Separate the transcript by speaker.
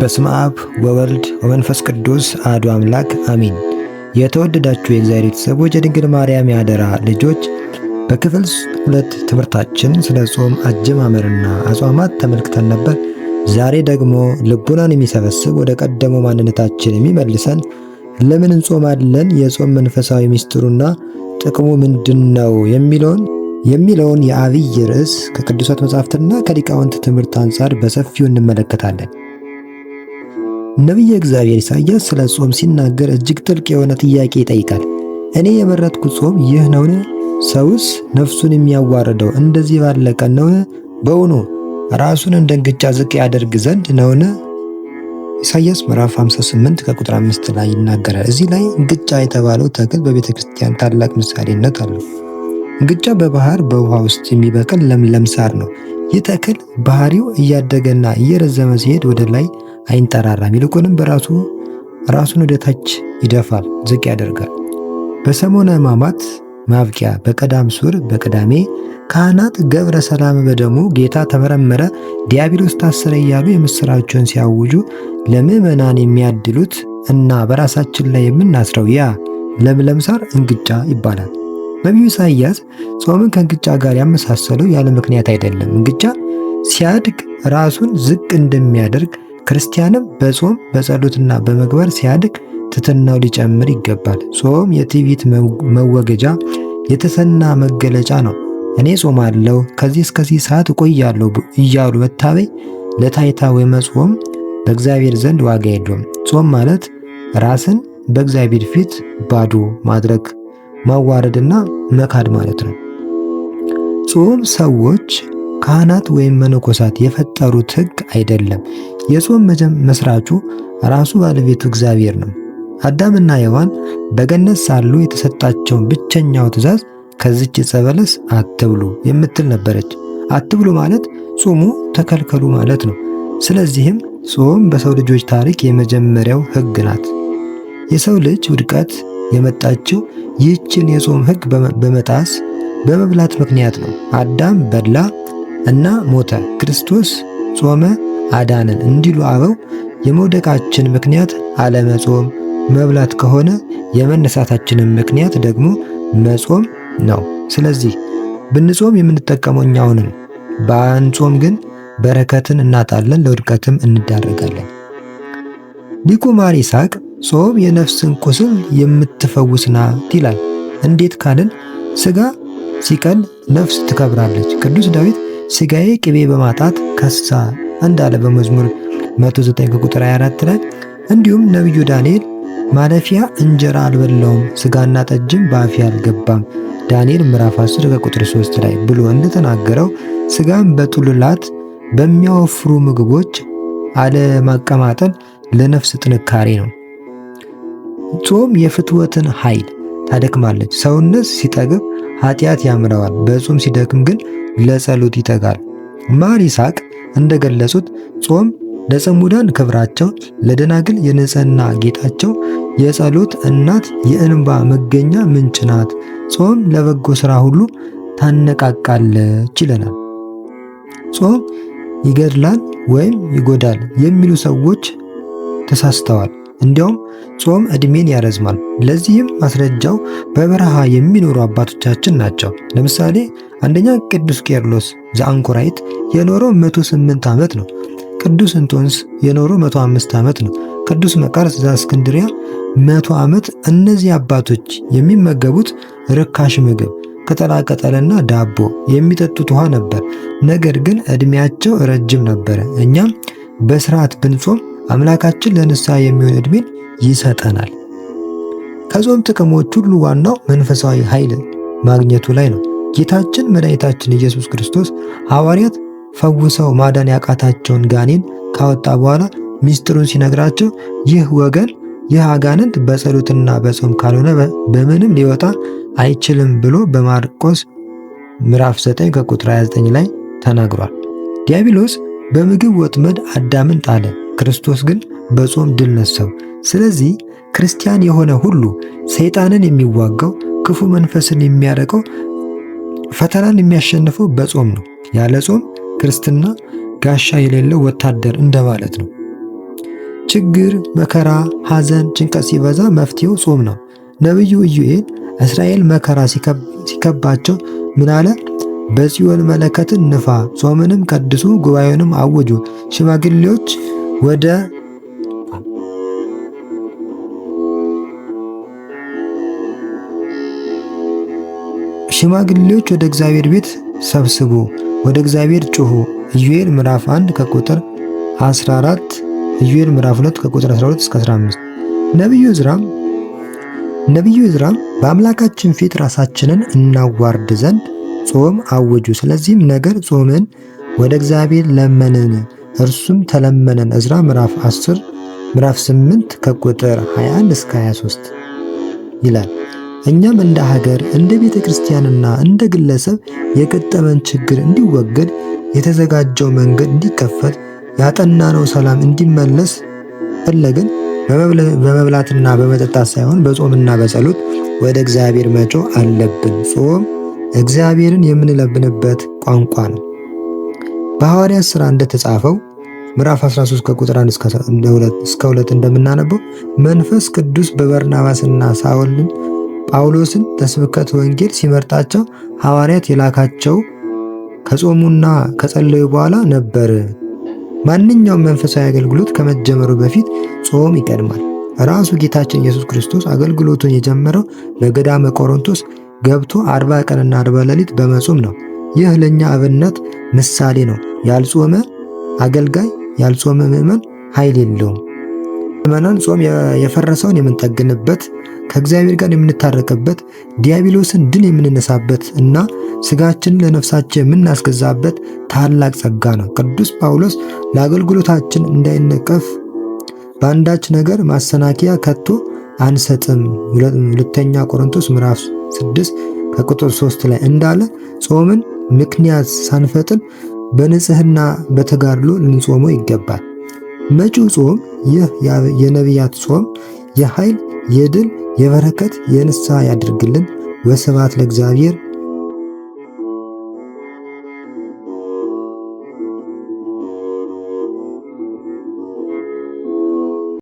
Speaker 1: በስመ አብ ወወልድ ወመንፈስ ቅዱስ አሐዱ አምላክ አሚን። የተወደዳችሁ የእግዚአብሔር ቤተሰቦች የድንግል ማርያም የአደራ ልጆች በክፍል ሁለት ትምህርታችን ስለ ጾም አጀማመርና አጽዋማት ተመልክተን ነበር። ዛሬ ደግሞ ልቡናን የሚሰበስብ ወደ ቀደመው ማንነታችን የሚመልሰን ለምን እንጾማለን፣ የጾም መንፈሳዊ ምስጢሩና ጥቅሙ ምንድን ነው የሚለውን የሚለውን የአብይ ርዕስ ከቅዱሳት መጻሕፍትና ከሊቃውንት ትምህርት አንጻር በሰፊው እንመለከታለን። ነቢየ እግዚአብሔር ኢሳያስ ስለ ጾም ሲናገር እጅግ ጥልቅ የሆነ ጥያቄ ይጠይቃል። እኔ የመረጥኩ ጾም ይህ ነውን? ሰውስ ነፍሱን የሚያዋርደው እንደዚህ ባለ ቀን ነውን? በውኑ ራሱን እንደ እንግጫ ዝቅ ያደርግ ዘንድ ነውን? ኢሳያስ ምዕራፍ 58 ከቁጥር 5 ላይ ይናገራል። እዚህ ላይ እንግጫ የተባለው ተክል በቤተ ክርስቲያን ታላቅ ምሳሌነት አለው። እንግጫ በባህር በውሃ ውስጥ የሚበቅል ለምለም ሳር ነው። ይህ ተክል ባህሪው እያደገና እየረዘመ ሲሄድ ወደ ላይ አይንጠራራም፣ ይልቁንም በራሱ ራሱን ወደ ታች ይደፋል፣ ዝቅ ያደርጋል። በሰሞነ ሕማማት ማብቂያ በቀዳም ሱር በቅዳሜ ካህናት ገብረ ሰላም በደሙ ጌታ ተመረመረ፣ ዲያብሎስ ታሰረ እያሉ የምሥራቸውን ሲያውጁ ለምዕመናን የሚያድሉት እና በራሳችን ላይ የምናስረው ያ ለምለም ሳር እንግጫ ይባላል። ነቢዩ ኢሳይያስ ጾምን ከእንግጫ ጋር ያመሳሰለው ያለ ምክንያት አይደለም። እንግጫ ሲያድግ ራሱን ዝቅ እንደሚያደርግ ክርስቲያንም በጾም በጸሎትና በመግበር ሲያድግ ትትናው ሊጨምር ይገባል። ጾም የትዕቢት መወገጃ የተሰና መገለጫ ነው። እኔ ጾማለሁ ከዚህ እስከዚህ ሰዓት እቆያለሁ እያሉ መታበይ ለታይታ ወይ መጾም በእግዚአብሔር ዘንድ ዋጋ የለውም። ጾም ማለት ራስን በእግዚአብሔር ፊት ባዶ ማድረግ ማዋረድና መካድ ማለት ነው። ጾም ሰዎች ካህናት ወይም መነኮሳት የፈጠሩት ሕግ አይደለም። የጾም መስራቹ ራሱ ባለቤቱ እግዚአብሔር ነው። አዳምና ሔዋን በገነት ሳሉ የተሰጣቸውን ብቸኛው ትእዛዝ ከዚች ዕፀ በለስ አትብሉ የምትል ነበረች። አትብሉ ማለት ጾሙ ተከልከሉ ማለት ነው። ስለዚህም ጾም በሰው ልጆች ታሪክ የመጀመሪያው ሕግ ናት። የሰው ልጅ ውድቀት የመጣችው ይህችን የጾም ሕግ በመጣስ በመብላት ምክንያት ነው። አዳም በላ እና ሞተ፣ ክርስቶስ ጾመ አዳንን እንዲሉ አበው የመውደቃችን ምክንያት አለመጾም መብላት ከሆነ የመነሳታችንን ምክንያት ደግሞ መጾም ነው። ስለዚህ ብንጾም የምንጠቀመው እኛውን ባንጾም ግን በረከትን እናጣለን፣ ለውድቀትም እንዳረጋለን። ሊቁ ማር ይስሐቅ ጾም የነፍስን ቁስል የምትፈውስ ናት ይላል። እንዴት ካልን ስጋ ሲቀል ነፍስ ትከብራለች። ቅዱስ ዳዊት ስጋዬ ቅቤ በማጣት ከሳ እንዳለ በመዝሙር 109 ቁጥር 24 ላይ እንዲሁም ነቢዩ ዳንኤል ማለፊያ እንጀራ አልበላውም ስጋና ጠጅም በአፌ አልገባም ዳንኤል ምዕራፍ 10 ቁጥር 3 ላይ ብሎ እንደተናገረው ስጋን በጥሉላት በሚያወፍሩ ምግቦች አለማቀማጠል ለነፍስ ጥንካሬ ነው። ጾም የፍትወትን ኃይል ታደክማለች። ሰውነት ሲጠግብ ኃጢአት ያምረዋል፣ በጾም ሲደክም ግን ለጸሎት ይተጋል። ማር ይስሐቅ እንደገለጹት ጾም ለጽሙዳን ክብራቸው፣ ለደናግል የንጽህና ጌጣቸው፣ የጸሎት እናት፣ የእንባ መገኛ ምንጭ ናት። ጾም ለበጎ ሥራ ሁሉ ታነቃቃለች ይለናል። ጾም ይገድላል ወይም ይጎዳል የሚሉ ሰዎች ተሳስተዋል። እንዲያውም ጾም ዕድሜን ያረዝማል። ለዚህም ማስረጃው በበረሃ የሚኖሩ አባቶቻችን ናቸው። ለምሳሌ አንደኛ ቅዱስ ቄርሎስ ዘአንኮራይት የኖረው 108 ዓመት ነው። ቅዱስ እንጦንስ የኖረው 105 ዓመት ነው። ቅዱስ መቃርስ ዘእስክንድርያ 100 ዓመት። እነዚህ አባቶች የሚመገቡት ርካሽ ምግብ ቅጠላቅጠልና ዳቦ የሚጠጡት ውሃ ነበር። ነገር ግን ዕድሜያቸው ረጅም ነበረ። እኛም በስርዓት ብንጾም አምላካችን ለንስሐ የሚሆን ዕድሜን ይሰጠናል። ከጾም ጥቅሞች ሁሉ ዋናው መንፈሳዊ ኃይል ማግኘቱ ላይ ነው። ጌታችን መድኃኒታችን ኢየሱስ ክርስቶስ ሐዋርያት ፈውሰው ማዳን ያቃታቸውን ጋኔን ካወጣ በኋላ ሚስጥሩን ሲነግራቸው ይህ ወገን ይህ አጋንንት በጸሎትና በጾም ካልሆነ በምንም ሊወጣ አይችልም ብሎ በማርቆስ ምዕራፍ 9 ከቁጥር 29 ላይ ተናግሯል። ዲያብሎስ በምግብ ወጥመድ አዳምን ጣለን። ክርስቶስ ግን በጾም ድል ነሳው። ስለዚህ ክርስቲያን የሆነ ሁሉ ሰይጣንን የሚዋጋው ክፉ መንፈስን የሚያረቀው ፈተናን የሚያሸንፈው በጾም ነው። ያለ ጾም ክርስትና ጋሻ የሌለው ወታደር እንደማለት ነው። ችግር፣ መከራ፣ ሐዘን፣ ጭንቀት ሲበዛ መፍትሄው ጾም ነው። ነቢዩ ኢዩኤል እስራኤል መከራ ሲከባቸው ምን አለ? በጽዮን መለከትን ንፋ፣ ጾምንም ቀድሱ፣ ጉባኤውንም አውጁ፣ ሽማግሌዎች ወደ ሽማግሌዎች ወደ እግዚአብሔር ቤት ሰብስቡ፣ ወደ እግዚአብሔር ጩሁ። ኢዩኤል ምዕራፍ 1 ከቁጥር 14 ኢዩኤል ምዕራፍ 2 ከቁጥር 12 እስከ 15። ነብዩ ዕዝራም ነብዩ ዕዝራም በአምላካችን ፊት ራሳችንን እናዋርድ ዘንድ ጾም አወጁ። ስለዚህም ነገር ጾምን ወደ እግዚአብሔር ለመንን እርሱም ተለመነን እዝራ ምዕራፍ 10 ምዕራፍ 8 ከቁጥር 21 እስከ 23 ይላል። እኛም እንደ ሀገር እንደ ቤተ ክርስቲያንና እንደ ግለሰብ የገጠመን ችግር እንዲወገድ፣ የተዘጋጀው መንገድ እንዲከፈት፣ ያጠናነው ሰላም እንዲመለስ ፈለግን በመብላትና በመጠጣት ሳይሆን በጾምና በጸሎት ወደ እግዚአብሔር መጮ አለብን። ጾም እግዚአብሔርን የምንለብንበት ቋንቋ ነው። በሐዋርያት ሥራ እንደተጻፈው ምዕራፍ 13 ከቁጥር 1 እስከ 2 እንደምናነበው መንፈስ ቅዱስ በበርናባስና ሳውልን ጳውሎስን ለስብከት ወንጌል ሲመርጣቸው ሐዋርያት የላካቸው ከጾሙና ከጸለዩ በኋላ ነበር። ማንኛውም መንፈሳዊ አገልግሎት ከመጀመሩ በፊት ጾም ይቀድማል። ራሱ ጌታችን ኢየሱስ ክርስቶስ አገልግሎቱን የጀመረው በገዳመ ቆሮንቶስ ገብቶ አርባ ቀንና አርባ ሌሊት በመጾም ነው። ይህ ለእኛ አብነት ምሳሌ ነው። ያልጾመ አገልጋይ፣ ያልጾመ ምእመን ኃይል የለውም። ምእመናን ጾም የፈረሰውን የምንጠግንበት ከእግዚአብሔር ጋር የምንታረቅበት ዲያብሎስን ድል የምንነሳበት እና ስጋችን ለነፍሳችን የምናስገዛበት ታላቅ ጸጋ ነው። ቅዱስ ጳውሎስ ለአገልግሎታችን እንዳይነቀፍ በአንዳች ነገር ማሰናከያ ከቶ አንሰጥም፣ ሁለተኛ ቆሮንቶስ ምዕራፍ 6 ከቁጥር 3 ላይ እንዳለ ጾምን ምክንያት ሳንፈጥን በንጽህና በተጋድሎ ልንጾመው ይገባል። መጪው ጾም ይህ የነቢያት ጾም የኃይል፣ የድል፣ የበረከት፣ የንስሐ ያድርግልን። ወስብሐት ለእግዚአብሔር